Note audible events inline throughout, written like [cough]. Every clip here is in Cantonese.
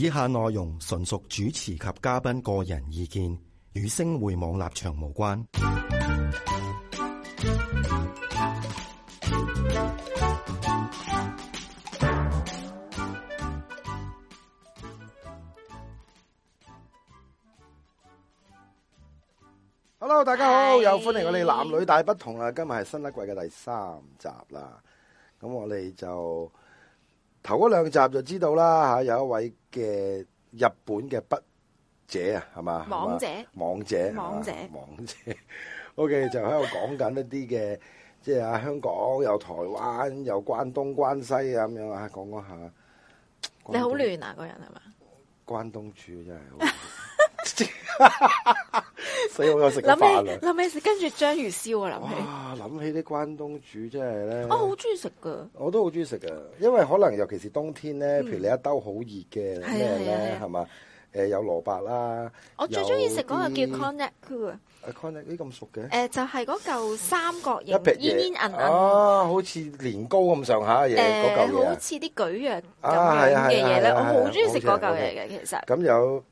以下內容純屬主持及嘉賓個人意見，與星匯網立場無關。 [music] Hello，大家好，hey. 又歡迎我哋男女大不同啦！今日係新一季嘅第三集啦，咁我哋就。頭嗰兩集就知道啦嚇，有一位嘅日本嘅筆者啊，係嘛？網者，網者，網者，網者。 [laughs] o、okay, K. 就喺度講緊一啲嘅，即係啊香港有台灣有關東關西啊咁樣啊，講講下。你好亂啊！嗰人係嘛？關東煮真係好。 [laughs] 所以我又食個諗起諗起食跟住章魚燒啊！諗起哇，諗起啲關東煮真係咧、哦。我好中意食噶。我都好中意食噶，因為可能尤其是冬天咧、嗯，譬如你一兜好熱嘅嘢咧，係嘛？誒、呃、有蘿蔔啦。我最中意食嗰個叫 connet cool 啊！connet 啲咁熟嘅？誒、呃、就係嗰嚿三角形煙煙韌韌啊，好似年糕咁上下嘅嘢，嗰嚿好似啲蒟蒻咁樣嘅嘢咧，我好中意食嗰嚿嘢嘅。其實咁有。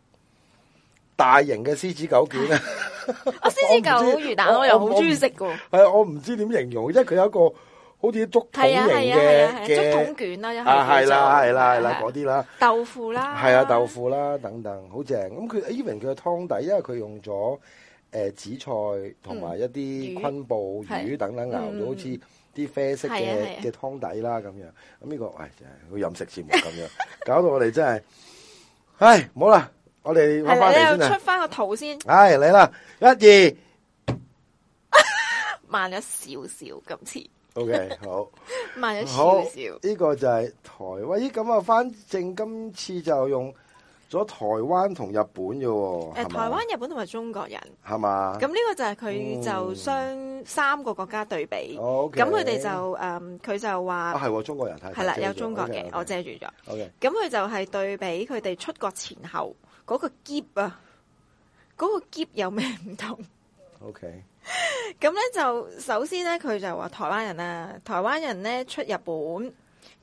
大型嘅獅子狗卷啊！我獅子狗好中意，但係我又好中意食嘅。係我唔知點形容，因為佢有一個好似竹筒形嘅竹筒卷啦。啊，係啦，係啦，係啦，嗰啲啦。豆腐啦，係啊，豆腐啦，等等，好正。咁佢 even 佢嘅湯底，因為佢用咗誒紫菜同埋一啲昆布魚等等熬到，好似啲啡色嘅嘅湯底啦咁樣。咁呢個，哎，真係好飲食節目咁樣，搞到我哋真係，唉，冇啦。我哋翻翻嚟先出翻個圖先。係嚟啦，一二 [laughs] 慢咗少少，今次。O K，好。 [laughs] 慢咗少少。呢、這個就係台灣咦？咁啊，返正今次就用咗台灣同日本嘅。誒、欸，台灣、日本同埋中國人係嘛？咁呢個就係佢就相三個國家對比。O、嗯、K。咁佢哋就誒，佢、嗯、就話係係中國人係啦，有中國嘅，okay, okay, 我遮住咗。O K。咁佢就係對比佢哋出國前後。嗰個喼啊，嗰個喼有咩唔同？OK，咁咧就首先咧，佢就話台灣人啊，台灣人咧出日本，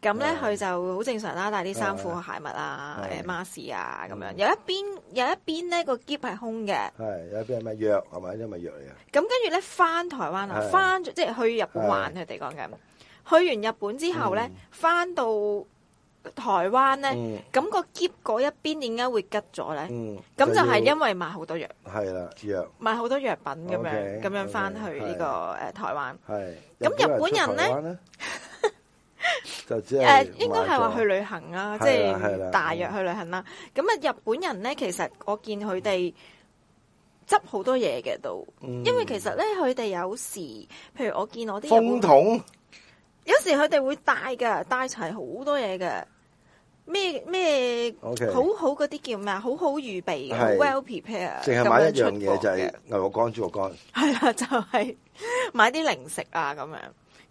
咁咧佢就好正常啦，帶啲衫褲鞋襪啊，誒 mask 啊咁樣。有一邊有一邊咧個喼係空嘅，係有一邊係咩藥係咪？因為藥嚟啊？咁跟住咧翻台灣啦，翻即係去日本玩佢哋講嘅，去完日本之後咧翻到，台灣咧，咁、嗯、個篋嗰一邊點解會吉咗咧？咁、嗯、就係因為買好多藥，係啦，藥，買好多藥品咁樣，咁、okay, 樣翻去呢個誒台灣。係、okay, 咁、嗯嗯，日本人咧，呢 [laughs] 就只誒應該係話去旅行啦，即係大約去旅行啦。咁啊日本人咧、嗯，其實我見佢哋執好多嘢嘅都，因為其實咧佢哋有時，譬如我見我啲風筒，有時佢哋會帶㗎，帶齊好多嘢嘅。咩咩好好嗰啲、okay, 叫咩啊？好好預備嘅，well prepared，咁樣淨係買一樣嘢就係、是、牛肉乾、豬肉乾。係啦，就係、是、買啲零食啊咁樣。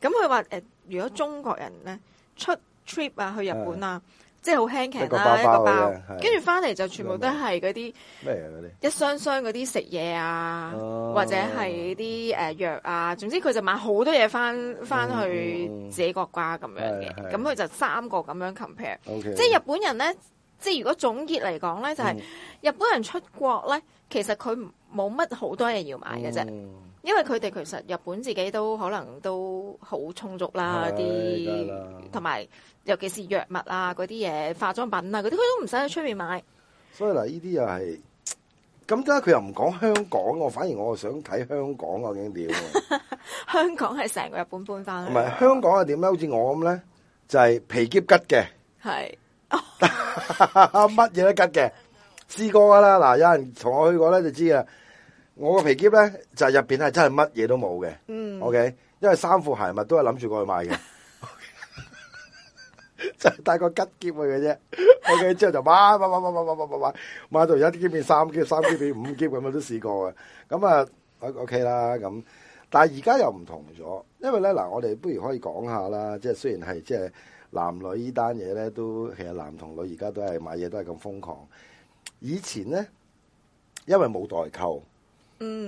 咁佢話誒，如果中國人咧出 trip 啊去日本啊。即係好輕便啦，一個包，包，跟住翻嚟就全部都係嗰啲咩啲一箱箱嗰啲食嘢啊、哦，或者係啲誒藥啊，總之佢就買好多嘢翻翻去自己國家咁樣嘅，咁佢就三個咁樣 compare，Okay, 即係日本人咧，即係如果總結嚟講咧，就係、是、日本人出國咧，其實佢冇乜好多嘢要買嘅啫、嗯。因為佢哋其實日本自己都可能都好充足啦，啲同埋尤其是藥物啊嗰啲嘢、化妝品啊嗰啲，佢都唔使喺出面買。所以嗱，呢啲又係咁，而家佢又唔講香港，我反而我想睇香港啊，究竟點？香港係成個日本搬翻嚟。唔係香港係點咧？好似我咁咧，就係、是、皮喼吉嘅，係乜嘢都吉嘅，試過噶啦。嗱，有人同我去過咧，就知嘅。我個皮喼咧就入邊係真係乜嘢都冇嘅、嗯、，OK，因為衫褲鞋襪都係諗住過去買嘅，嗯 okay？ [laughs] 就帶個吉喼去嘅啫，OK，之後就買買買買買買買買買到一喼變三喼，三喼變五喼咁啊都試過嘅，咁啊 OK 啦咁，但係而家又唔同咗，因為咧嗱，我哋不如可以講下啦，即係雖然係即係男女呢單嘢咧，都其實男同女而家都係買嘢都係咁瘋狂，以前咧因為冇代購。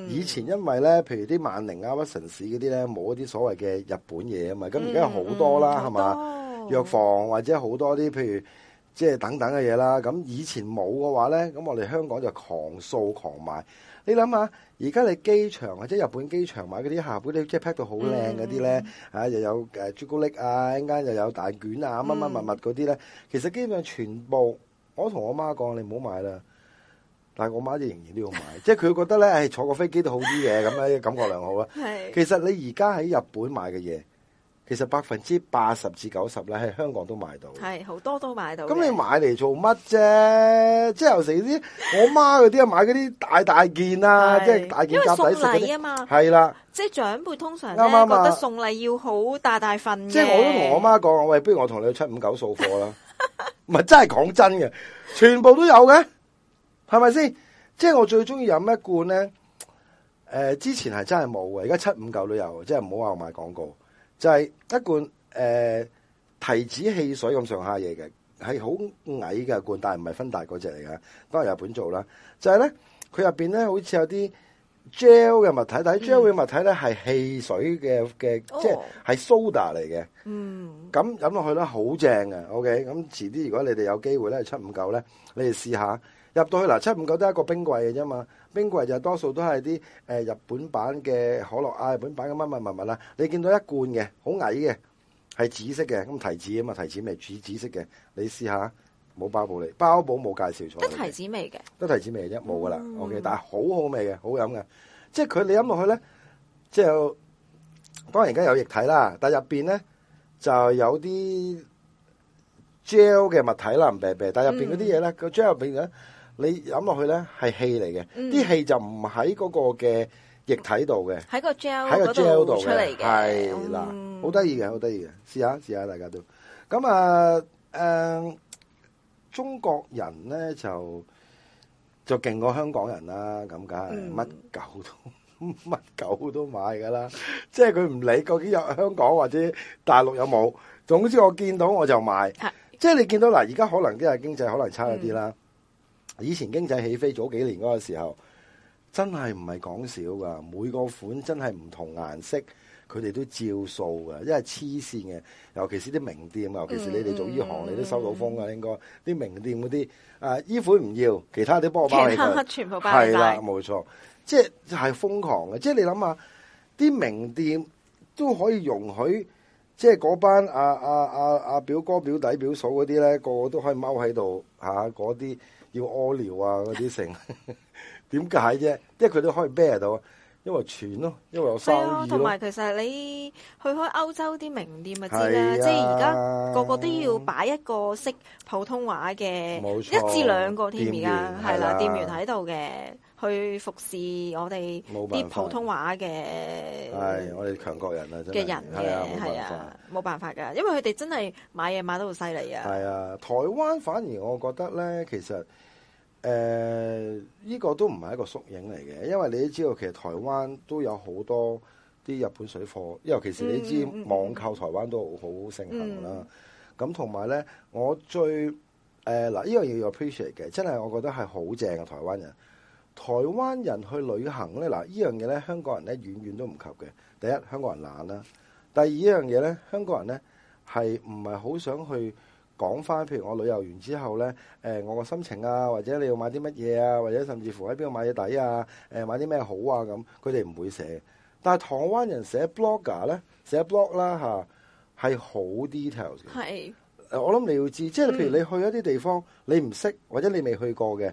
以前因為咧，譬如啲萬寧啊、屈臣氏嗰啲咧，冇一啲所謂嘅日本嘢啊嘛，咁而家好多啦，係、嗯、嘛藥房或者好多啲譬如即係、就是、等等嘅嘢啦。咁以前冇嘅話咧，咁我哋香港就狂掃狂買。你諗下，而家你機場或者日本機場買嗰啲下嗰啲，即係 pack 到好靚嗰啲咧，啊又有誒朱古力啊，一陣間又有蛋卷啊，乜乜物物嗰啲咧，其實基本上全部我同我媽講，你唔好買啦。但係我媽仍然都要買，即係佢覺得咧，誒坐個飛機都好啲嘅，咁咧感覺良好啦。 [laughs] 其實你而家喺日本買嘅嘢，其實百分之八十至九十咧喺香港都買到。係好多都買到。咁你買嚟做乜啫？即係有時啲我媽嗰啲啊買嗰啲大大件啊，即係大件夾抵食啊嘛。係啦，即係長輩通常啱啱，覺得送禮要好大大份的。即係我都同我媽講，喂，不如我同你去七五九掃貨啦。唔 [laughs] 係真係講真嘅，全部都有嘅。係咪先？即係我最中意飲一罐咧。誒、呃，之前係真係冇嘅，而家七五九都有，即係唔好話我賣廣告。就係一罐誒、呃、提子汽水咁上下嘢嘅，係好矮嘅罐，但係唔係芬達嗰隻嚟嘅，都係日本做啦。就係咧，佢入邊咧好似有啲 gel 嘅物體，但係 gel 嘅物體咧係汽水嘅嘅，即係係 soda 嚟嘅。嗯。咁飲落去咧好正嘅，OK。咁遲啲如果你哋有機會咧七五九咧，你哋試下。入到去嗱，七五九都係一個冰櫃嘅啫嘛，冰櫃就多數都係啲誒日本版嘅可樂啊，日本版嘅乜乜物物啊，你見到一罐嘅，好矮嘅，係紫色嘅，咁提子啊嘛，提子味，紫紫色嘅，你試下，冇包保你，包保冇介紹錯。得提子味嘅，得提子味嘅啫冇噶啦，OK，但係好好味嘅，好飲嘅，即係佢你飲落去咧，即係當然而家有液體啦，但係入邊咧就係有啲 gel 嘅物體啦，唔平平，但係入邊嗰啲嘢咧，個 gel 入邊咧。你飲落去咧係氣嚟嘅，啲、嗯、氣就唔喺嗰個嘅液體度嘅，喺、嗯、個 gel 喺個 gel 度出嚟嘅，係啦，好得意嘅，好得意嘅，試下試下大家都咁啊！誒、啊，中國人咧就就勁過香港人啦，咁梗係乜狗都乜狗都買噶啦，即係佢唔理究竟有香港或者大陸有冇，總之我見到我就買，即係你見到嗱，而家可能今日經濟可能差一啲啦。嗯以前經濟起飛早幾年嗰個時候，真係唔係講少噶，每個款真係唔同顏色，佢哋都照數噶，因為黐線嘅。尤其是啲名店，尤其是你哋做呢行，你都收到風啊。嗯、應該啲名店嗰啲啊，衣服唔要，其他啲包包全部包啦，冇錯，即係係瘋狂嘅。即係你諗下，啲名店都可以容許，即係嗰班啊啊啊啊表哥表弟表嫂嗰啲咧，個個都可以踎喺度嗰啲。啊要屙尿啊嗰啲成點解啫？因為佢都可以 bear 到，因為串咯，因為有收咯。係啊，同埋其實你去開歐洲啲名店咪知啦，啊、即係而家個個都要擺一個識普通話嘅，一至兩個添而家係啦，店員喺度嘅。是啊是啊去服侍我哋啲普通話嘅係我哋強國人啊！嘅人嘅係啊，冇辦法㗎，因為佢哋真係買嘢買得好犀利啊。係啊，台灣反而我覺得咧，其實誒呢、呃呢個都唔係一個縮影嚟嘅，因為你都知道其實台灣都有好多啲日本水貨，尤其是你知道網購台灣都好盛行啦。咁同埋咧，我最誒嗱呢樣嘢要 appreciate 嘅，真係我覺得係好正嘅台灣人。台灣人去旅行咧，嗱依樣嘢咧，香港人咧遠遠都唔及嘅。第一，香港人懶啦；第二，依樣嘢咧，香港人咧係唔係好想去講翻？譬如我旅遊完之後咧、呃，我個心情啊，或者你要買啲乜嘢啊，或者甚至乎喺邊度買嘢抵啊，誒、呃、買啲咩好啊咁，佢哋唔會寫。但係台灣人寫 blogger 咧，寫 blog 啦嚇，係、啊、好 details 嘅。係。誒、我諗你要知，即係譬如你去一啲地方，嗯、你唔識或者你未去過嘅。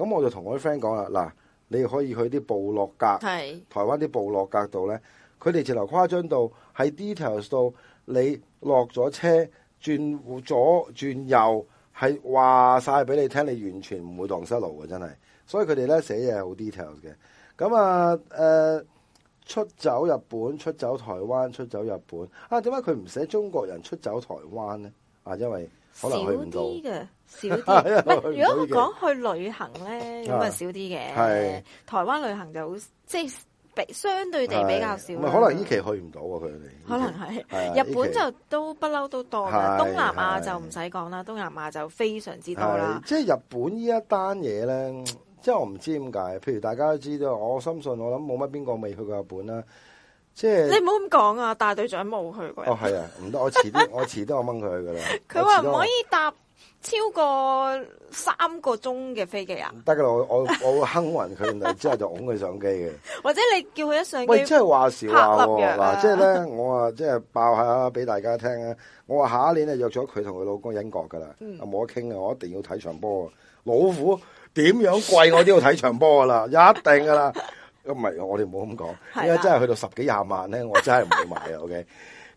咁我就同我啲 friend 講啦，嗱，你可以去啲部落格，台灣啲部落格度咧，佢哋直頭誇張到喺 details 到你落咗車轉左轉右，係話晒俾你聽，你完全唔會蕩失路嘅，真係。所以佢哋咧寫嘢好 details 嘅。咁啊，誒，出走日本，出走台灣，出走日本啊？點解佢唔寫中國人出走台灣咧？啊，因為可能去唔到。少啲，如果佢講去旅行咧，咁咪少啲嘅。台灣旅行就好，即係比相對地比較少。可能呢期去唔到啊，佢哋。可能係日本就都不嬲都，都多啦，東南亞就唔使講啦，東南亞就，就非常之多啦。即係日本一呢一單嘢咧，即係我唔知點解。譬如大家都知道，我深信我諗冇乜邊個未去過日本啦。即係你唔好咁講啊，大隊長冇去過。哦係啊，唔得，我遲啲 [laughs] 我遲啲我掹佢去噶啦。佢話唔可以搭超過三個鐘嘅飛機啊！得噶啦，我我我會哼暈佢， [laughs] 之後就拱佢上機嘅。或者你叫佢一上機，即係話笑話嗱，即係咧，我啊，即係爆下俾大家聽啊！我話下一年啊，約咗佢同佢老公英國噶啦，冇、嗯、得傾啊，我一定要睇場波啊！老虎點樣貴，我都要睇場波噶啦，一定噶啦。咁唔係我哋唔好咁講，因 [laughs] 家真係去到十幾廿萬咧，我真係唔會買啊。OK，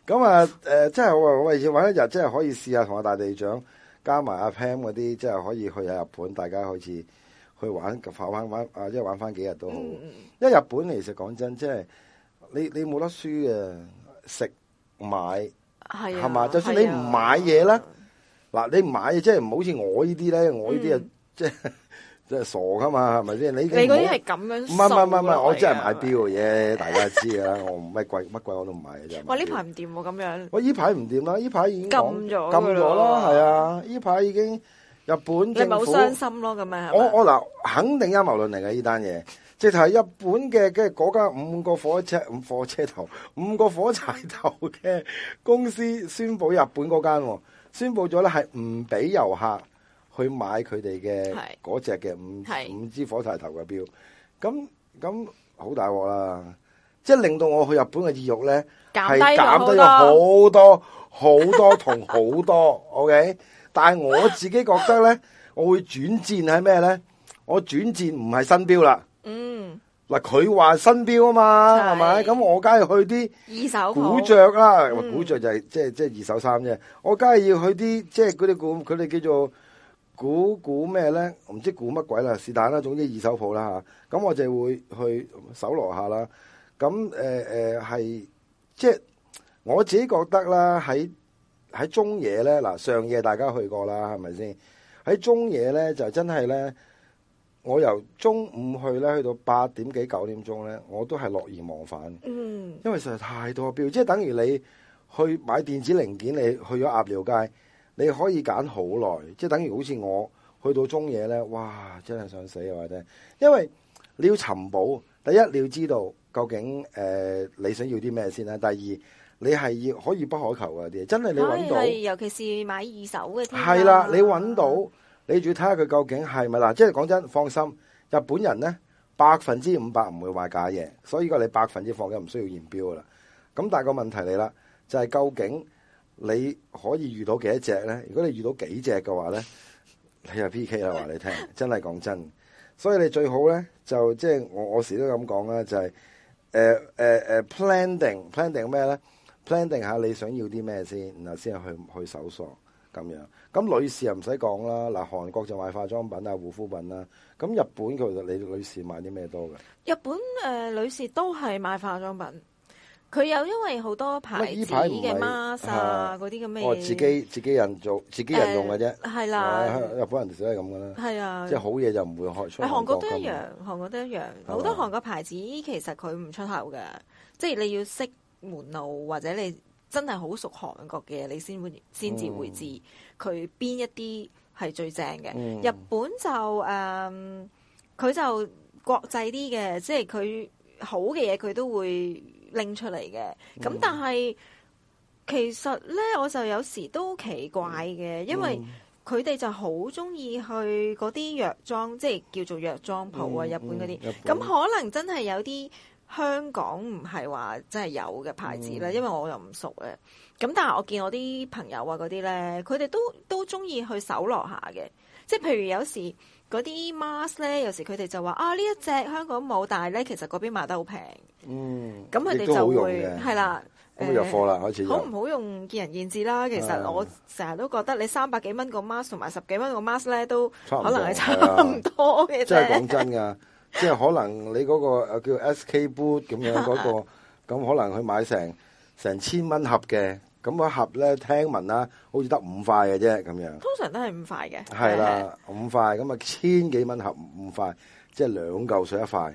咁啊，誒，即、呃、係、就是、我為要玩一日，即、就、係、是、可以試下同阿大地長。加埋阿 Pam 嗰啲，即係可以去下日本，大家好似去玩、玩玩、玩啊，即係玩翻幾日都好，嗯。因為日本其實講真，即係你你冇得輸嘅，食買係係嘛？就算你唔買嘢啦，嗱你唔買嘢，即係唔好似我呢啲咧，我呢啲啊即係。嗯 [laughs] 真係傻噶嘛，係咪先？你你嗰啲係咁樣信？唔唔唔唔，我真係買標嘅嘢，大家知噶啦。我唔乜鬼乜鬼， [laughs] 我都唔買嘅啫。哇！呢排唔掂喎，咁樣。我呢排唔掂啦，呢排已經禁咗，禁咗啦。係啊，呢排已經日本你好傷心咯，咁樣。我我嗱，肯定陰謀論嚟嘅呢單嘢，即係日本嘅嘅嗰間五個火車五火車頭五個火柴頭嘅公司宣布日本嗰間宣布咗咧係唔俾遊客。去買佢哋嘅嗰隻嘅五五支火柴頭嘅標，咁咁好大鑊啦！即係令到我去日本嘅意欲咧，係減低咗好多好多同好多。多多多多 [laughs] OK，但係我自己覺得咧，我會轉戰係咩咧？我轉戰唔係新標啦。嗯，嗱，佢話新標啊嘛，係咪咁？我梗係去啲二手古着啦，古着就係即係即係二手衫啫。我梗係要去啲即係嗰啲古，佢哋叫做。.估估咩咧？我唔知估乜鬼啦，是但啦。總之二手鋪啦嚇，咁我就會去搜羅下啦。咁誒誒係即係我自己覺得啦，喺喺中野咧嗱，上野大家去過啦，係咪先？喺中野咧就真係咧，我由中午去咧，去到八點幾九點鐘咧，我都係樂而忘返。嗯，因為實在太多標，即係等於你去買電子零件，你去咗鴨寮街。你可以揀好耐，即係等於好似我去到中野咧，哇！真係想死或者，因為你要尋寶。第一你要知道究竟誒、呃、你想要啲咩先啦。第二你係要可以不可求嘅啲嘢，真係你揾到，尤其是買二手嘅。係啦、啊，你揾到，你仲要睇下佢究竟係咪啦？即係講真，放心，日本人咧百分之五百唔會賣假嘢，所以個你百分之放緊唔需要驗標噶啦。咁但係個問題嚟啦，就係、是、究竟。你可以遇到幾多隻咧？如果你遇到幾隻嘅話咧，你就 P K 啦！話 [laughs] 你聽，真係講真的，所以你最好咧就即係我我時都咁講啦，就係誒誒誒 planning，planning 咩咧？planning 下你想要啲咩先，然後先去去搜索咁樣。咁女士又唔使講啦，嗱，韓國就買化妝品啊、護膚品啦。咁日本其實你女士買啲咩多㗎？日本、呃、女士都係買化妝品。佢有因為好多牌子嘅 mask 啊，嗰啲咁嘅嘢。啊、我自己自己人做，自己人用嘅啫。係、呃、啦、啊，日本人就都係咁噶啦。係啊，即、就、係、是、好嘢就唔會開出韓。喺韓國都一樣，韓國都一樣。好多韓國牌子其實佢唔出口嘅，即係你要識門路，或者你真係好熟韓國嘅，你先會先至、嗯、會知佢邊一啲係最正嘅、嗯。日本就誒，佢、嗯、就國際啲嘅，即係佢好嘅嘢佢都會。拎出嚟嘅，咁但係其實咧，我就有時都奇怪嘅，因為佢哋就好中意去嗰啲藥妝，即係叫做藥妝鋪啊、嗯，日本嗰啲。咁、嗯、可能真係有啲香港唔係話真係有嘅牌子啦、嗯，因為我又唔熟咧。咁但係我見我啲朋友啊嗰啲咧，佢哋都都中意去搜羅下嘅，即係譬如有時。嗰啲 mask 咧，有時佢哋就話啊，呢一隻香港冇，但係咧其實嗰邊賣得好平。嗯，咁佢哋就會係啦，就入貨啦開始。好唔好用見仁見智啦。其實、嗯、我成日都覺得你三百幾蚊個 mask 同埋十幾蚊個 mask 咧，都可能係差唔多嘅。多真係講真㗎， [laughs] 即係可能你嗰個叫 SK boot 咁樣嗰、嗰個，咁、 [laughs] 嗰個、可能佢買成成千蚊盒嘅。咁嗰盒咧，聽聞啦，好似得五塊嘅啫，咁樣。通常都係五塊嘅。係啦，五塊咁啊，千幾蚊盒五塊，即係兩嚿水一塊。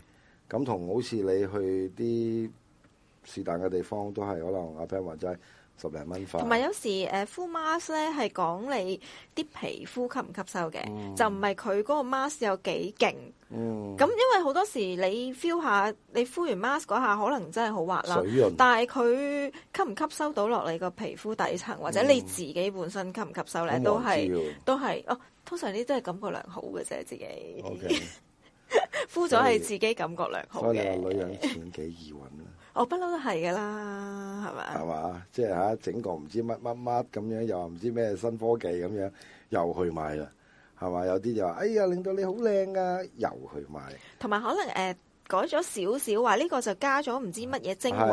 咁同好似你去啲是但嘅地方，都係可能阿 friend 話齋。十零蚊塊，同埋有時誒敷 mask 咧係講你啲皮膚吸唔吸收嘅，就唔係佢嗰個 mask 有幾勁。嗯，咁、嗯、因為好多時你 feel 下，你敷完 mask 嗰下可能真係好滑啦，水潤，但係佢吸唔吸收到落你個皮膚底層，或者你自己本身吸唔吸收咧、嗯，都係都係哦。通常呢啲都係感覺良好嘅啫，自己 okay, [laughs] 敷咗係自己感覺良好嘅。所以女人錢幾易揾啦。我不嬲都係㗎啦，係咪？係嘛？即係嚇，整個唔知乜乜乜咁樣，又唔知咩新科技咁樣，又去買啦，係嘛？有啲就話：哎呀，令到你好靚啊，又去買了。同埋可能誒。呃改咗少少，話呢個就加咗唔知乜嘢精華，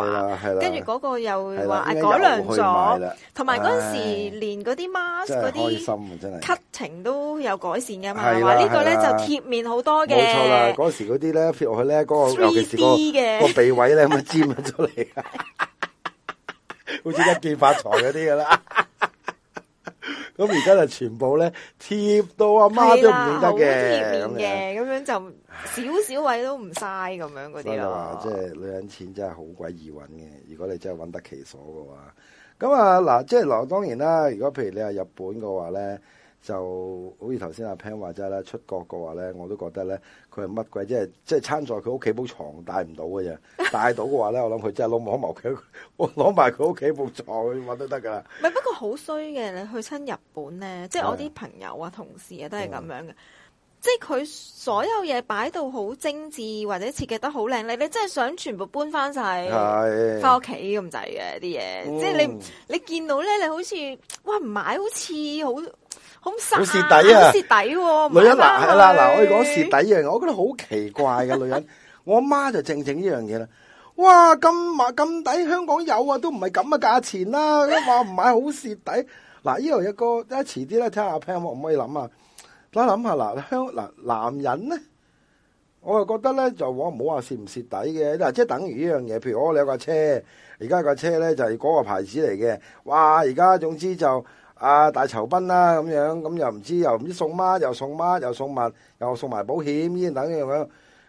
跟住嗰個又話改良咗，同埋嗰陣時連嗰啲 mask 嗰啲 cutting 都有改善嘅嘛，話呢個咧就貼面好多嘅。冇錯啦，嗰時嗰啲咧貼落去咧嗰個，尤其是、那個、3D 嘅鼻位咧咁啊尖出嚟， [laughs] [laughs] 好似一見發財嗰啲噶啦。 [laughs] 咁而家就全部咧貼到阿媽，媽都唔認得嘅，咁樣就 [laughs] 少少位都唔嘥咁樣嗰啲咯。即係女人錢真係好鬼易揾嘅，如果你真係揾得其所嘅話。咁啊嗱，即係嗱當然啦，如果譬如你係日本嘅話咧。就好似頭先阿 Pan 話齋啦，出國嘅話咧，我都覺得咧，佢係乜鬼？即係即係撐在佢屋企部床帶唔 [laughs] 到嘅啫，帶到嘅話咧，我諗佢真係攞毛毛佢，我攞埋佢屋企部床去都得噶啦。唔不，不過好衰嘅，你去親日本咧，即係我啲朋友啊、同事啊都係咁樣嘅，即係佢所有嘢擺到好精緻，或者設計得好靚，你真係想全部搬翻曬翻屋企咁滯嘅啲嘢，即係你你見到咧，你好似哇唔買好似好～好蝕底啊！蝕底、啊啊，女人嗱係啦，嗱、啊啊啊、我哋講蝕底一樣嘢， [laughs] 我覺得好奇怪嘅、啊、女人。我阿媽就正正呢樣嘢啦，哇咁麻咁抵，香港有啊，都唔係咁嘅價錢啦、啊，話唔買好蝕底。嗱、 [laughs] 啊，呢度一個，一遲啲咧，睇下 pen 可唔可以諗啊？等諗下嗱，香嗱男人咧，我又覺得咧就我唔好話蝕唔蝕底嘅，即係等於呢樣嘢，譬如我有架車，而家架車咧就係嗰個牌子嚟嘅，哇而家總之就。啊！大酬賓啦，咁樣咁又唔知又唔知送乜，又送乜，又送物，又送埋保險呢啲等等咁樣，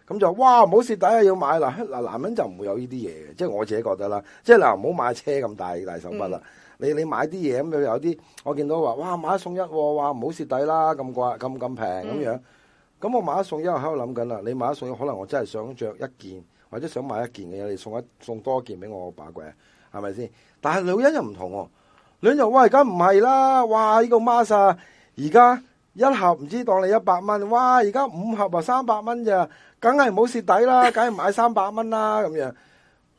咁就哇唔好蝕底啊！要買啦嗱男人就唔會有呢啲嘢嘅，即係我自己覺得啦，即係嗱唔好買車咁大大手筆啦，嗯、你你買啲嘢咁又有啲我見到話哇買一送一，哇唔好蝕底啦咁啩咁咁平咁樣，咁我買一送一我喺度諗緊啦，你買一送一、嗯、可能我真係想着一件或者想買一件嘅嘢，你送一送多一件俾我把鬼係咪先？但係女人又唔同、啊。兩日哇，而家唔係啦！哇，呢、呢個 mask 而家一盒唔知當你一百蚊，哇！而家五盒啊三百蚊咋，梗係唔好蝕底啦，梗係買三百蚊啦咁樣。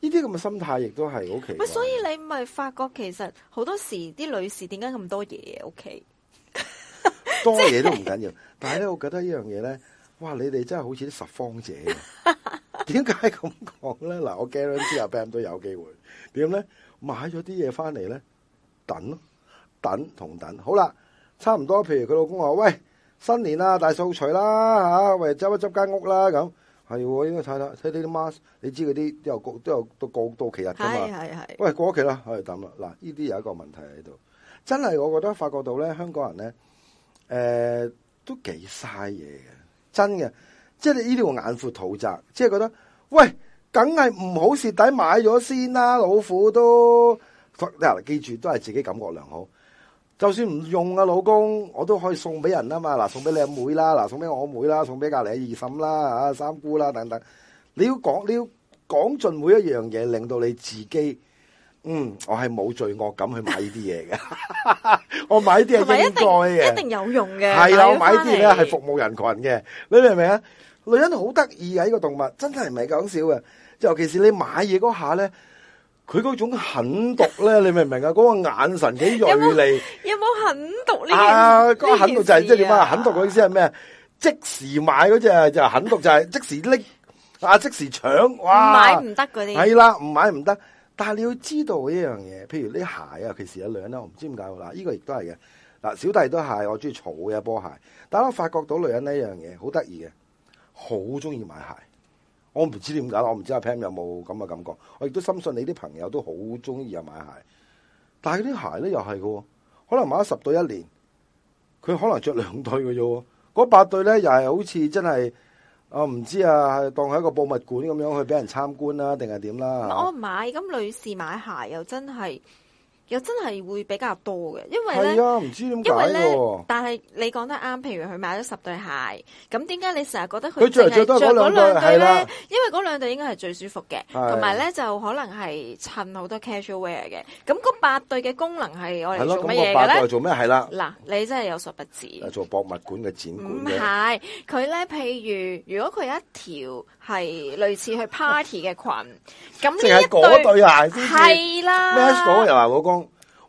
呢啲咁嘅心態亦都係 OK。所以你咪發覺其實好多時啲女士點解咁多嘢？OK，多嘢都唔緊要，就是、但係咧，我覺得呢樣嘢咧，哇！你哋真係好似啲拾荒者，點解咁講咧？嗱，我 guarantee 阿 Ben 都有機會。點咧？買咗啲嘢翻嚟咧？等咯，等同等，好啦，差唔多。譬如佢老公話：喂，新年啦，大掃除啦，吓，喂，執一執間屋啦，咁係，應該睇睇睇睇啲 mask，你知嗰啲都有過都有過到期日噶嘛，係係係喂，過期啦，可以等啦。嗱，呢啲有一個問題喺度，真係我覺得發覺到咧，香港人咧，誒、呃，都幾嘥嘢嘅，真嘅，即係呢啲眼闊肚窄，即係覺得，喂，梗係唔好蝕底買咗先啦，老虎都。嗱，記住都係自己感覺良好，就算唔用啊，老公，我都可以送俾人啊嘛。嗱，送俾你阿妹啦，嗱，送俾我妹啦，送俾隔離二嬸啦，啊，三姑啦等等。你要講你要講盡每一樣嘢，令到你自己，嗯，我係冇罪惡感去買呢啲嘢嘅。我買啲嘢係應該嘅，一定一定有用嘅。係啊，我買啲咧係服務人羣嘅。你明唔明啊？女人好得意啊！呢個動物真係唔係講笑嘅。尤其是你買嘢嗰下咧。佢嗰種狠毒咧，你明唔明啊？嗰個眼神幾銳利。有冇狠毒呢？ [laughs] 有有有有毒啊，嗰、嗰個狠毒就係即係點啊？狠毒嗰意思係咩啊？即時買嗰隻就狠毒就係即時拎 [laughs] 啊，即時搶哇！唔買唔得嗰啲。係啦，唔買唔得。但係你要知道一樣嘢，譬如啲鞋啊，尤其是女人啦，我唔知點解好啦。呢、呢個亦都係嘅。嗱，小弟都係，我中意草嘅波鞋。但係我發覺到女人呢樣嘢，好得意嘅，好中意買鞋。我唔知點解，我唔知阿 Pam 有冇咁嘅感覺。我亦都深信你啲朋友都好中意呀買鞋，但係啲鞋咧又係喎，可能買咗十對一年，佢可能着兩對嘅啫。嗰八對咧又係好似真係、啊，我唔知啊，係當係一個博物館咁樣去俾人參觀啦，定係點啦？我唔買，咁女士買鞋又真係。又真係會比較多嘅，因為咧，唔知點，因為咧，但係你講得啱。譬如佢買咗十對鞋，咁點解你成日覺得佢著嚟著都係嗰兩對咧？因為嗰兩對應該係最舒服嘅，同埋咧就可能係襯好多 casual wear 嘅。咁嗰八對嘅功能係我嚟做乜嘢咧？做咩係啦？嗱，你真係有所不知。做博物館嘅展館嘅，佢咧譬如如果佢有一條係類似去 party 嘅裙，咁即係嗰對鞋先係啦。咩嗰個又話嗰個？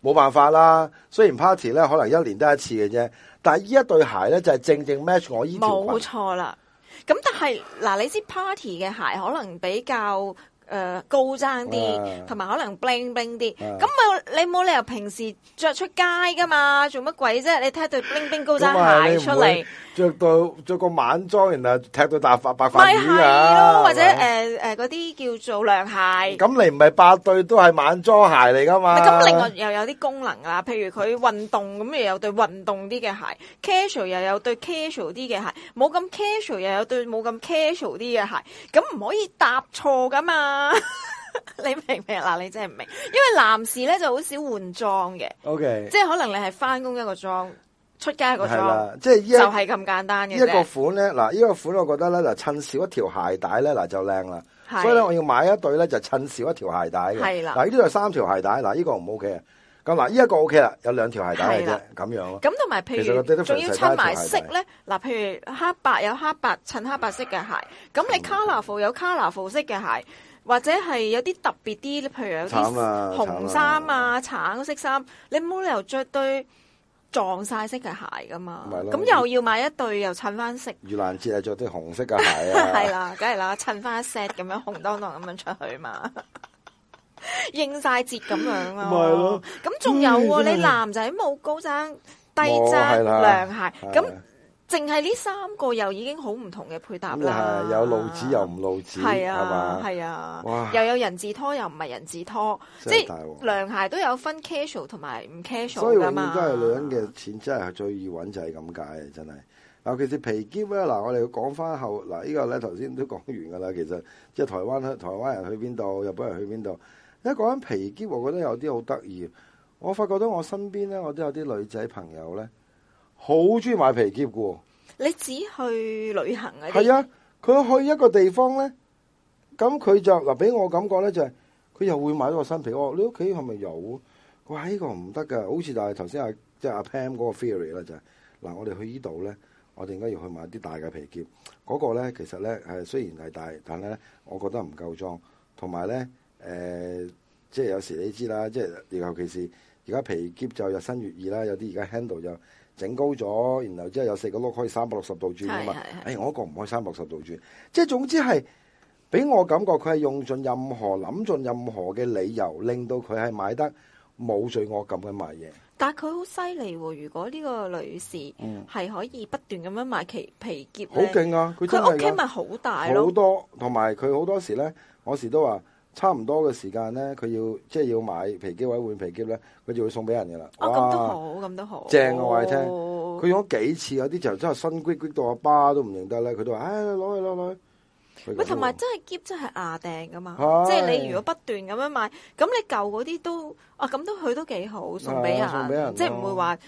冇辦法啦，雖然 party 咧可能一年得一次嘅啫，但係依一對鞋咧就係正正 match 我依條裙，冇錯啦。咁但係嗱，你知 party 嘅鞋可能比較。誒，高踭啲，同埋可能 bling bling 啲，咁冇你冇理由平時着出街噶嘛？做乜鬼啫？你踢對 bling bling 高踭鞋出嚟，着到着個晚裝，然後踢到大白白帆鞋啊！或者誒誒嗰啲叫做涼鞋，咁你唔係八對都係晚裝鞋嚟噶嘛？咁另外又有啲功能啦，譬如佢運動咁，又有對運動啲嘅鞋，casual 又有對 casual 啲嘅鞋，冇咁 casual 又有對冇咁 casual 啲嘅鞋，咁唔可以搭錯噶嘛？ [laughs] 你明唔明嗱？你真係唔明白，因為男士咧就好少換裝嘅。O、okay. K，即係可能你係翻工一個裝，出街一個裝。即係依就係、是、咁簡單嘅。一、這個款咧，嗱，依個款我覺得咧，嗱，襯少一條鞋帶咧，嗱就靚啦。所以咧，我要買一對咧，就襯少一條鞋帶嘅。係啦，嗱，呢度係三條鞋帶。嗱、這個，呢、這個唔 OK 啊。咁嗱，依一個 OK 啦，有兩條鞋帶嘅啫，咁樣咯。咁同埋譬如，仲要襯埋色咧。嗱，譬如黑白有黑白襯黑白色嘅鞋。咁 [laughs] 你卡 o l 有卡 o 色嘅鞋。或者係有啲特別啲，譬如有啲紅衫啊、橙色衫，你冇理由着對撞晒色嘅鞋噶嘛。咁、就是、又要買一對又襯翻色。盂蘭節係着啲紅色嘅鞋啊。係 [laughs] 啦，梗係啦，襯翻 set 咁樣紅當當咁樣出去嘛，應晒節咁樣咯、啊。咁、就、仲、是嗯、有、啊、你男仔冇高踭低踭涼鞋咁。淨係呢三個又已經好唔同嘅配搭啦、嗯，咁有露趾又唔露趾，係啊，係啊，又有人字拖又唔係人字拖，即係涼鞋都有分 casual 同埋唔 casual 噶嘛，所以真係女人嘅錢真係最易揾就係咁解啊！真係尤其是皮喼咧，嗱我哋講翻後嗱、這個、呢個咧頭先都講完噶啦，其實即係台灣台灣人去邊度，日本人去邊度，一講緊皮喼，我覺得有啲好得意。我發覺到我身邊咧，我都有啲女仔朋友咧。好中意買皮喼喎。你只去旅行嘅係啊？佢去一個地方咧，咁佢就嗱俾我感覺咧就係，佢又會買咗個新皮。我話你屋企係咪有？佢話，呢個唔得噶，好似、啊、就係、是、頭、啊、先阿即係阿 Pam 嗰個 theory 啦、就是，就係嗱，我哋去呢度咧，我哋應該要去買啲大嘅皮喼。嗰、那個咧其實咧係雖然係大，但咧我覺得唔夠裝。同埋咧誒，即係有時你知啦，即係尤其是而家皮喼就日新月異啦，有啲而家 handle 就。整高咗，然後之後有四個轆可以三百六十度轉啊嘛！是是是哎，我一個唔可以三百六十度轉，即係總之係俾我感覺佢係用盡任何諗盡任何嘅理由，令到佢係買得冇罪惡咁嘅賣嘢。但係佢好犀利喎！如果呢個女士係可以不斷咁樣賣皮、嗯、皮夾、啊，好勁啊！佢真係佢屋企咪好大，好多同埋佢好多時咧，我時都話。差唔多嘅時間咧，佢要即係要買皮喼或者換皮喼咧，佢就會送俾人噶啦。哦，咁都好，咁都好。正、哦、我話你聽，佢用咗幾次，有啲就真係新簇簇到阿爸都唔認得咧。佢都話：，唉、哎，攞去攞去。喂，同埋真係喼真係牙定噶嘛？即係你如果不斷咁樣買，咁你舊嗰啲都啊，咁都佢都幾好，送俾人，哎、送俾人，即係唔會話。哦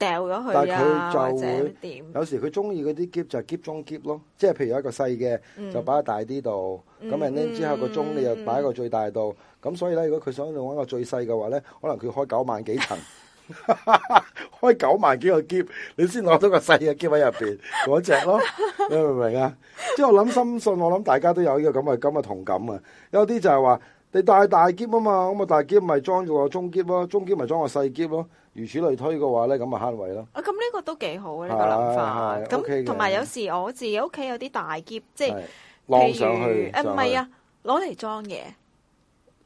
掉咗佢啊，但佢就會，或者點？有時佢中意嗰啲喼就喼中喼咯，即係譬如一個細嘅，就擺喺大啲度，咁咪拎之後個中你又擺喺個最大度。咁、嗯、所以咧，如果佢想用一玩個最細嘅話咧，可能佢開九萬幾層， [laughs] [laughs] 開九萬幾個喼，你先攞到個細嘅喼喺入邊嗰隻咯。你明唔明啊？即係我諗深信，我諗大家都有呢個咁嘅咁嘅同感啊！有啲就係話你帶大喼啊嘛，咁、那、啊、個、大喼咪裝咗個中喼咯，中喼咪裝個細喼咯。如此類推嘅話咧，咁啊慳位咯。啊，咁呢個都幾好嘅呢、啊這個諗法。咁同埋有時我自己屋企有啲大喼，即係攞上去。唔係、哎、啊，攞嚟裝嘢。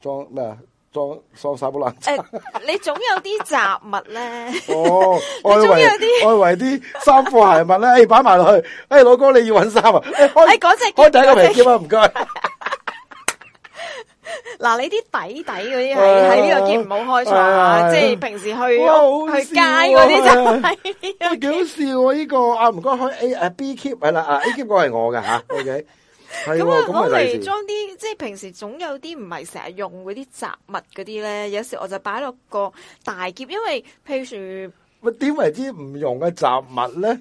裝咩？裝裝沙煲爛渣誒，你總有啲雜物咧。 [laughs] 哦， [laughs] 外圍啲，外圍啲衫褲鞋襪咧，誒、哎，擺埋落去。誒、哎，老哥你要揾衫啊？你開誒嗰隻，開第一個皮喼啊，唔該、啊。 [laughs] 嗱、啊，你啲底底嗰啲喺喺呢個篋唔好開錯啊，啊。即係平時去去街嗰啲就係。幾好笑喎！呢、這個啊唔該開 A 誒 B 喼係啦，A 喼嗰個係我㗎。吓、 [laughs] okay，O K，咁啊，我嚟裝啲即係平時總有啲唔係成日用嗰啲雜物嗰啲咧，有時我就擺落個大喼因為譬如，點為之唔用嘅雜物咧？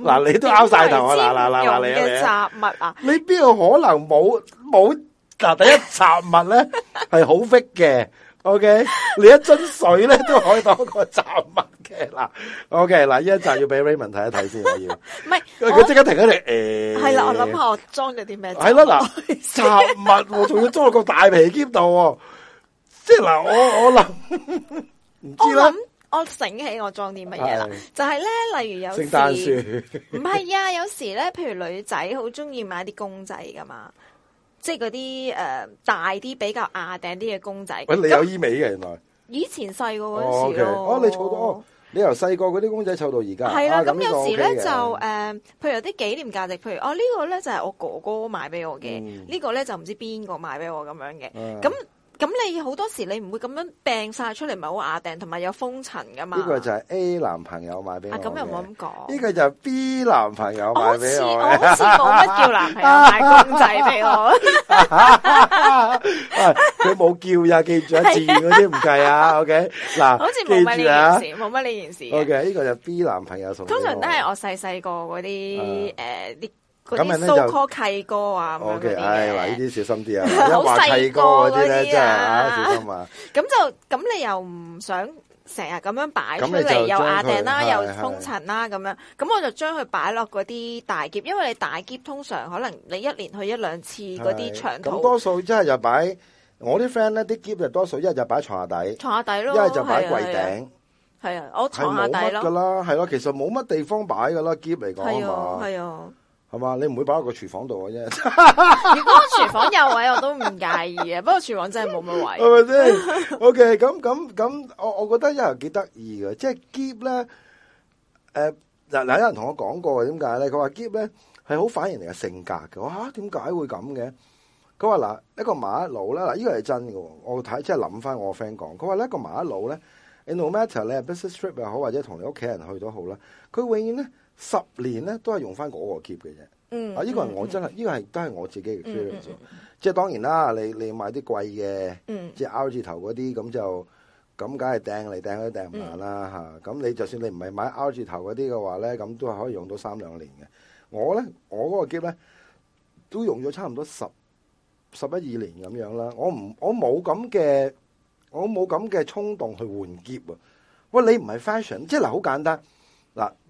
嗱，你都拗晒頭嗱，嗱，嗱，啦，你嘅雜物，雜物啊？你邊有可能冇冇？嗱，第一雜物咧係好 fit 嘅，OK，你一樽水咧都可以當個雜物嘅。嗱，OK，呢一集要俾 Raymond 睇一睇先，我要。唔係佢即刻停喺嚟。誒。係、欸、啦，啦，我諗下我裝咗啲咩。係啦，嗱雜物我仲要裝個大皮喼度，即係嗱我我諗唔知啦。我我醒起我裝啲乜嘢啦，就係、是、咧，例如有聖誕樹唔係啊，有時咧，譬如女仔好中意買啲公仔噶嘛。即係嗰啲誒大啲比較亞頂啲嘅公仔。喂，你有依尾嘅原來。以前細個嗰陣時哦、okay。哦，哦，你湊到，你由細個嗰啲公仔湊到而家。係啦、啊，咁、啊這個、有時咧、okay、就誒、呃，譬如有啲紀念價值，譬如哦呢、呢個咧就係我哥哥買俾我嘅，呢、嗯呢個咧就唔知邊個買俾我咁樣嘅，咁、嗯。咁你好多時你唔會咁樣病晒出嚟，唔係好牙病，同埋有風塵噶嘛？呢個就係 A 男朋友買俾我。咁又唔好咁講，呢、啊這個就 B 男朋友買俾我。好似冇乜叫男朋友買公仔俾我。佢、啊、冇、啊啊 [laughs] 啊、叫呀，記住一字嗰啲唔計啊。啊 OK 嗱，好似冇乜呢件事，冇乜呢件事。OK 呢個就 B 男朋友送我。通常都係我細細個嗰啲誒啲。啊嗯啲咁人咧就契、啊、OK，哎，嗱，呢啲小心啲 [laughs] [laughs] [laughs] 啊！一話契哥嗰啲啊，小心啊！咁就咁，你又唔想成日咁樣擺出嚟，又壓定啦，又封塵啦，咁樣，咁我就將佢擺落嗰啲大箧，因為你大箧通常可能你一年去一兩次嗰啲長。咁多數真係又擺，我啲 friend 咧啲箧就多數一日就擺床下底，床下底咯，一係就擺櫃頂，係啊，啊，我床下底咯，係咯，其實冇乜地方擺噶啦，箧嚟講係係啊。係嘛？你唔會擺喺個廚房度嘅啫。如果廚房有位，我都唔介意嘅。不過廚房真係冇乜位 [laughs] okay, okay。係咪先？OK，咁咁咁，我我覺得一人幾得意嘅，即係 Gib 咧。誒，嗱嗱，有人同我講過點解咧？佢話 Gib 咧係好反映你嘅性格嘅。啊。我點解會咁嘅？佢話嗱一個一老啦。」嗱呢個係真嘅。我睇即係諗翻我 friend 講，佢話一個一老咧，in no matter 你係 business trip 又好，或者同你屋企人去都好啦，佢永遠咧。十年咧都係用翻嗰個喼嘅啫，啊！呢個係我真係，呢、嗯、個係都係我自己嘅 feel 嚟嘅，即係當然啦。你你買啲貴嘅，即係 R 字頭嗰啲，咁、嗯、就咁梗係掟嚟掟去掟唔爛啦吓。咁、嗯啊、你就算你唔係買 R 字頭嗰啲嘅話咧，咁都係可以用到三兩年嘅。我咧，我嗰個喼咧，都用咗差唔多十十一二年咁樣啦。我唔，我冇咁嘅，我冇咁嘅衝動去換喼啊！喂，你唔係 fashion，即係嗱，好簡單。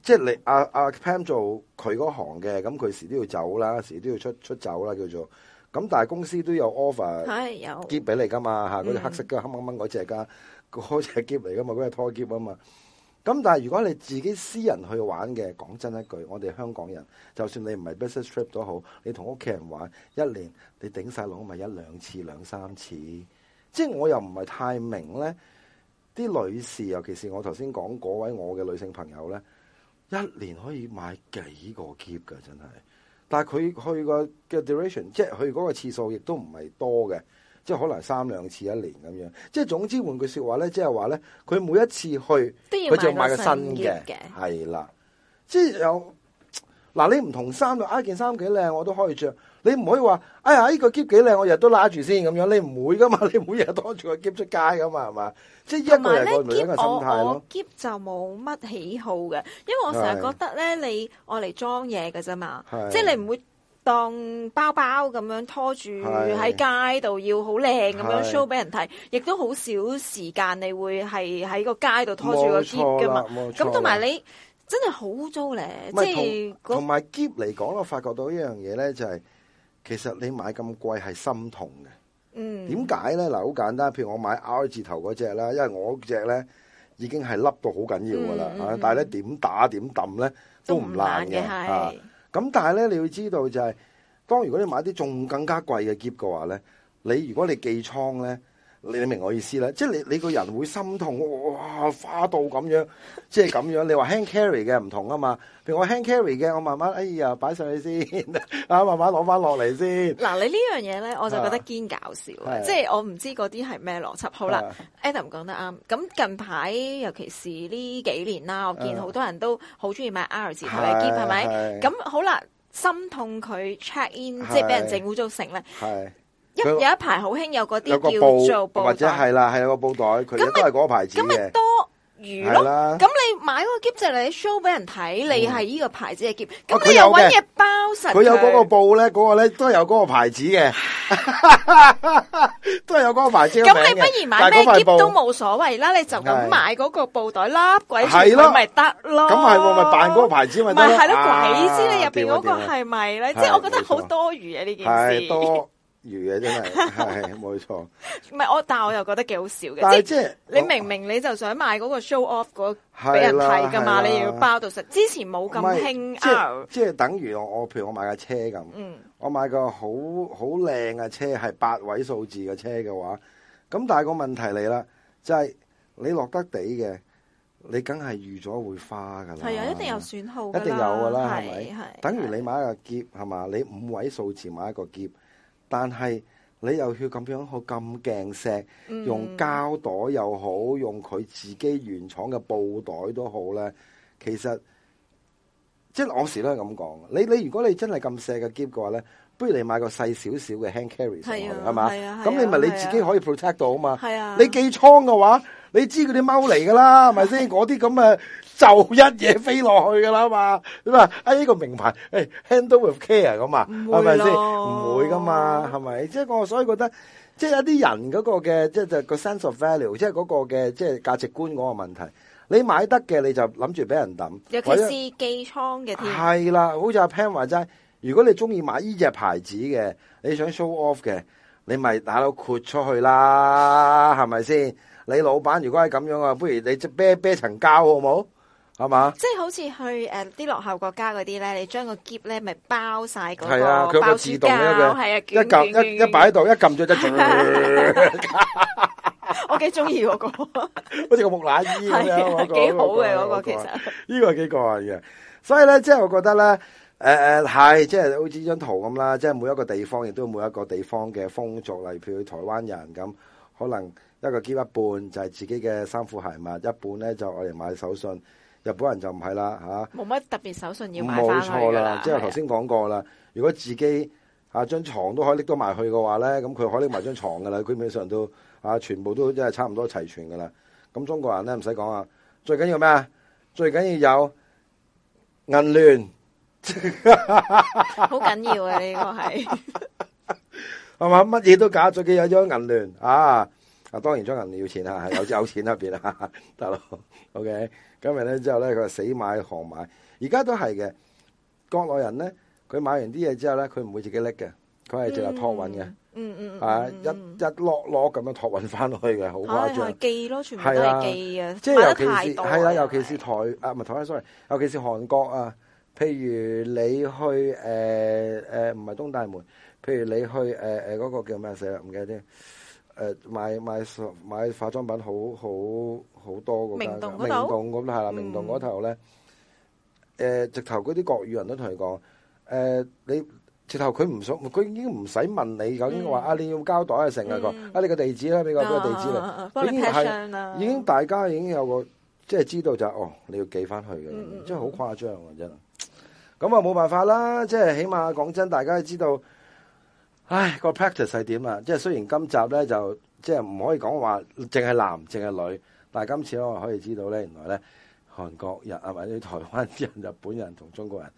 即係你阿阿 Pam 做佢嗰行嘅，咁佢時都要走啦，時都要出出走啦，叫做咁。但係公司都有 offer，係、啊，有喼俾你噶嘛嚇，嗰隻黑色嘅黑掹掹嗰隻噶嗰隻喼嚟噶嘛，嗰隻拖喼啊嘛。咁但係如果你自己私人去玩嘅，講真一句，我哋香港人就算你唔係 business trip 都好，你同屋企人玩一年，你頂晒籠咪一兩次兩三次。即係我又唔係太明咧，啲女士尤其是我頭先講嗰位我嘅女性朋友咧。一年可以買幾個喼㗎，真係。但係佢去個嘅 duration，即係去嗰個次數，亦都唔係多嘅，即係可能三兩次一年咁樣。即係總之換句説話咧，即係話咧，佢每一次去，佢就買個新嘅，係啦，即係有。嗱、啊，你唔同衫度，啊件衫幾靚，我都可以着。你唔可以話，哎呀，呢、這個喼幾靚，我日都拉住先咁樣。你唔會噶嘛，你每日拖住個喼出街噶嘛，係嘛？即係一個人嗰種一個心態咯。喼就冇乜喜好嘅，因為我成日覺得咧，你愛嚟裝嘢噶啫嘛，即係你唔會當包包咁樣拖住喺街度要好靚咁樣 show 俾人睇，亦都好少時間你會係喺個街度拖住個喼噶嘛。咁同埋你。真係好污糟咧，即係同同埋喼嚟講，我發覺到一樣嘢咧，就係其實你買咁貴係心痛嘅。嗯，點解咧？嗱，好簡單，譬如我買 R 字頭嗰隻啦，因為我隻咧已經係凹到好緊要噶啦，但係咧，點打點揼咧都唔爛嘅。咁但係咧，你要知道就係、是，當如果你買啲仲更加貴嘅喼嘅話咧，你如果你寄倉咧。你明我意思啦，即係你你個人會心痛，哇花到咁樣，即係咁樣。你話 hand carry 嘅唔同啊嘛，譬如我 hand carry 嘅，我慢慢哎呀擺上去先，啊慢慢攞翻落嚟先。嗱，你呢樣嘢咧，我就覺得堅搞笑，啊啊、即係我唔知嗰啲係咩邏輯。好啦、啊、，Adam 講得啱。咁近排尤其是呢幾年啦，我見好多人都好中意買 R 字頭嘅喼，係咪、啊？咁、啊、好啦，心痛佢 check in，、啊、即係俾人整污糟成咧。係、啊。有一排好興有嗰啲叫做布袋或者係啦，係有個布袋，佢都係嗰個牌子。咁咪多餘咯？咁你買個夾就嚟你 show 俾人睇，你係呢個牌子嘅夾，咁、哦、你又搵嘢包實佢、啊、有嗰個布咧，嗰、嗰個咧都係有嗰個牌子嘅， [laughs] 都係有嗰個牌子。咁你不如買咩夾都冇所謂啦，你就咁買嗰個布袋啦，鬼知咪得咯？咁係咪扮嗰個牌子？咪係咯，鬼知你入邊嗰個係咪咧？即係、啊、我覺得好多餘啊！呢件事。嘅 [laughs] 真係的是，係冇錯。唔係我，但係我又覺得幾好笑嘅。即係即你明明你就想買嗰個 show off 嗰，俾人睇噶嘛？你要包到實。之前冇咁興。即係等於我我譬如我買架車咁、嗯，我買個好好靚嘅車，係八位數字嘅車嘅話，咁但係個問題嚟啦，就係、是、你落得地嘅，你梗係預咗會花噶啦。係啊，一定有損耗，一定有噶啦，係咪？係等於你買一個喼係嘛？你五位數字買一個喼。但係你又要咁樣好咁錫喼，用膠袋又好，用佢自己原廠嘅布袋都好咧。其實即我時都係咁講，你你如果你真係咁錫嘅喼嘅話咧，不如你買個細少少嘅 hand carry，上去，係嘛、啊？咁、啊啊、你咪你自己可以 protect 到啊嘛。係啊，你寄倉嘅話。你知嗰啲貓嚟噶啦，係咪先？嗰啲咁嘅就一嘢飛落去噶啦嘛。咁咪？喺呢個名牌，誒，handle with care 咁啊，係咪先？唔會噶嘛，係咪？即係我所以覺得，即係有啲人嗰個嘅，即係個 sense of value，即係嗰個嘅，即係價值觀嗰個問題。你買得嘅，你就諗住俾人抌。尤其是寄倉嘅，係啦。好似阿 Pan 話齋，如果你中意買呢隻牌子嘅，你想 show off 嘅，你咪打到括出去啦，係咪先？你老闆如果係咁樣啊，不如你隻啤啤層膠好冇，係嘛？即係好似去誒啲落後國家嗰啲咧，你將個喼咧咪包晒、那個，係啊，佢個自動嘅，係啊，一撳一一擺喺度，一撳咗就做。一一一一 [laughs] [laughs] 我幾中意嗰個，好似個木乃伊咁樣。我幾好嘅嗰個，那個那個其實呢、那個幾過癮。所以咧，即係我覺得咧，誒誒係，即係好似張圖咁啦，即係每一個地方亦都有每一個地方嘅風俗，例如譬如台灣人咁可能。一個喼一半就係自己嘅衫褲鞋襪，一半咧就我哋買手信。日本人就唔係啦吓，冇、啊、乜特別手信要買。冇錯啦，即係頭先講過啦，如果自己啊張床都可以拎到埋去嘅話咧，咁佢可以拎埋張床噶啦。基 [laughs] 本上都啊全部都真係差唔多齊全噶啦。咁中國人咧唔使講啊，最緊要咩啊？最緊要有銀聯，好緊要嘅呢個係，係咪乜嘢都假，最緊要有張銀聯啊！啊，當然，中國人要錢啊，有有錢入邊啊，大 [laughs] 佬 [laughs] ，OK 今。今日咧之後咧，佢死買韓買，而家都係嘅。國內人咧，佢買完啲嘢之後咧，佢唔會自己拎嘅，佢係直頭託運嘅，嗯嗯，係日日落落咁樣託運翻去嘅，好誇張。寄、啊、咯，全部都係寄啊，買得太多。係啦，尤其是台是啊，唔係台灣，sorry，尤其是韓國啊。譬如你去誒誒，唔、呃、係、呃、東大門，譬如你去誒誒，嗰、呃那個叫咩死啦，唔記得添。誒，買買買化妝品好好好多嘅，明洞嗰明洞咁係啦，明洞嗰頭咧，誒，嗯呃、直頭嗰啲國語人都同佢講，誒、呃，你直頭佢唔想，佢已經唔使問你，究竟我話、嗯嗯、啊，你要交袋啊，成日講啊，你個地址啦，你個，個地址啦，已經係，已經大家已經有個即係知道就哦，你要寄翻去嘅、嗯啊，即係好誇張啊，真，咁啊冇辦法啦，即係起碼講真，大家知道。唉，個 practice 係點啊？即係雖然今集咧就即係唔可以講話，淨係男，淨係女，但係今次咧我可以知道咧，原來咧韓國人啊，或者台灣人、日本人同中國人，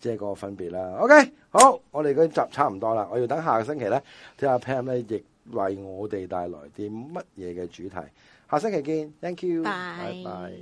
即係個分別啦。OK，好，我哋嗰集差唔多啦，我要等下個星期咧，睇下 Pam 咧，亦為我哋帶來啲乜嘢嘅主題。下星期見，Thank you，拜拜。